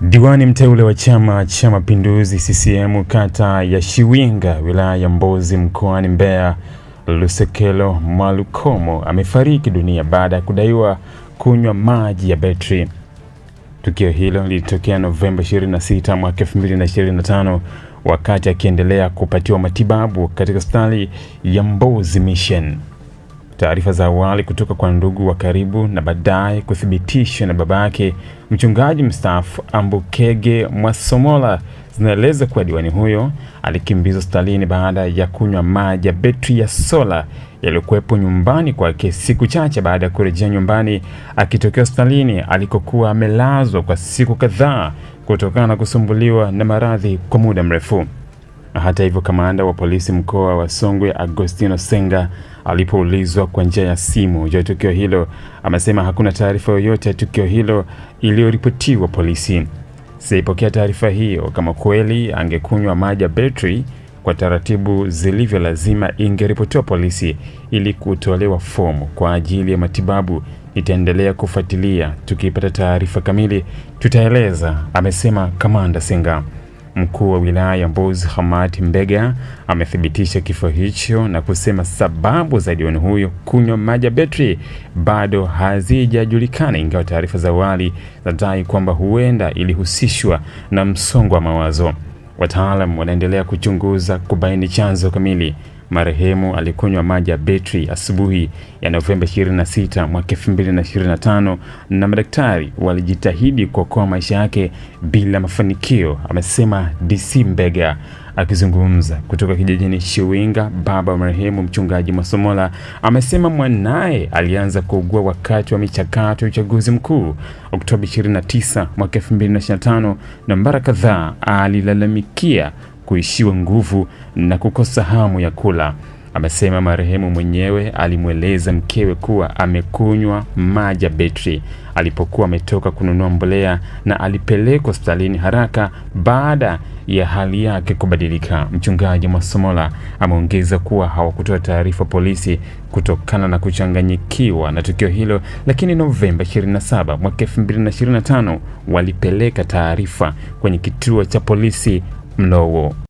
Diwani mteule wa Chama cha Mapinduzi CCM kata ya Shiwinga wilaya ya Mbozi mkoani Mbeya, Lusekelo Mwalukomo amefariki dunia baada ya kudaiwa kunywa maji ya betri. Tukio hilo lilitokea Novemba 26 mwaka 2025 wakati akiendelea kupatiwa matibabu katika hospitali ya Mbozi Mission. Taarifa za awali kutoka kwa ndugu wa karibu na baadaye kuthibitishwa na baba yake mchungaji mstaafu Ambukege Mwasomola zinaeleza kuwa diwani huyo alikimbizwa hospitalini baada ya kunywa maji ya betri ya sola yaliyokuwepo nyumbani kwake siku chache baada ya kurejea nyumbani akitokea hospitalini alikokuwa amelazwa kwa siku kadhaa kutokana na kusumbuliwa na maradhi kwa muda mrefu. Hata hivyo, kamanda wa polisi mkoa wa Songwe Agostino Senga alipoulizwa kwa njia ya simu juu ya tukio hilo amesema hakuna taarifa yoyote ya tukio hilo iliyoripotiwa polisi. Siipokea taarifa hiyo. Kama kweli angekunywa maji ya betri kwa taratibu zilivyo, lazima ingeripotiwa polisi ili kutolewa fomu kwa ajili ya matibabu. Itaendelea kufuatilia, tukipata taarifa kamili tutaeleza, amesema kamanda Senga. Mkuu wa wilaya ya Mbozi Hamati Mbega amethibitisha kifo hicho na kusema sababu za diwani huyo kunywa maji ya betri bado hazijajulikana, ingawa taarifa za awali zadai kwamba huenda ilihusishwa na msongo wa mawazo. Wataalam wanaendelea kuchunguza kubaini chanzo kamili. Marehemu alikunywa maji ya betri asubuhi ya Novemba 26 mwaka 2025 na madaktari walijitahidi kuokoa maisha yake bila mafanikio, amesema DC Mbega. Akizungumza kutoka kijijini Shiwinga, baba wa marehemu Mchungaji Mwasomola amesema mwanaye alianza kuugua wakati wa michakato ya uchaguzi mkuu Oktoba 29 mwaka 2025, na mara kadhaa alilalamikia kuishiwa nguvu na kukosa hamu ya kula. Amesema marehemu mwenyewe alimweleza mkewe kuwa amekunywa maji ya betri alipokuwa ametoka kununua mbolea na alipelekwa hospitalini haraka baada ya hali yake kubadilika. Mchungaji Mwasomola ameongeza kuwa hawakutoa taarifa polisi kutokana na kuchanganyikiwa na tukio hilo, lakini Novemba 27 mwaka 2025 walipeleka taarifa kwenye kituo cha polisi mnogo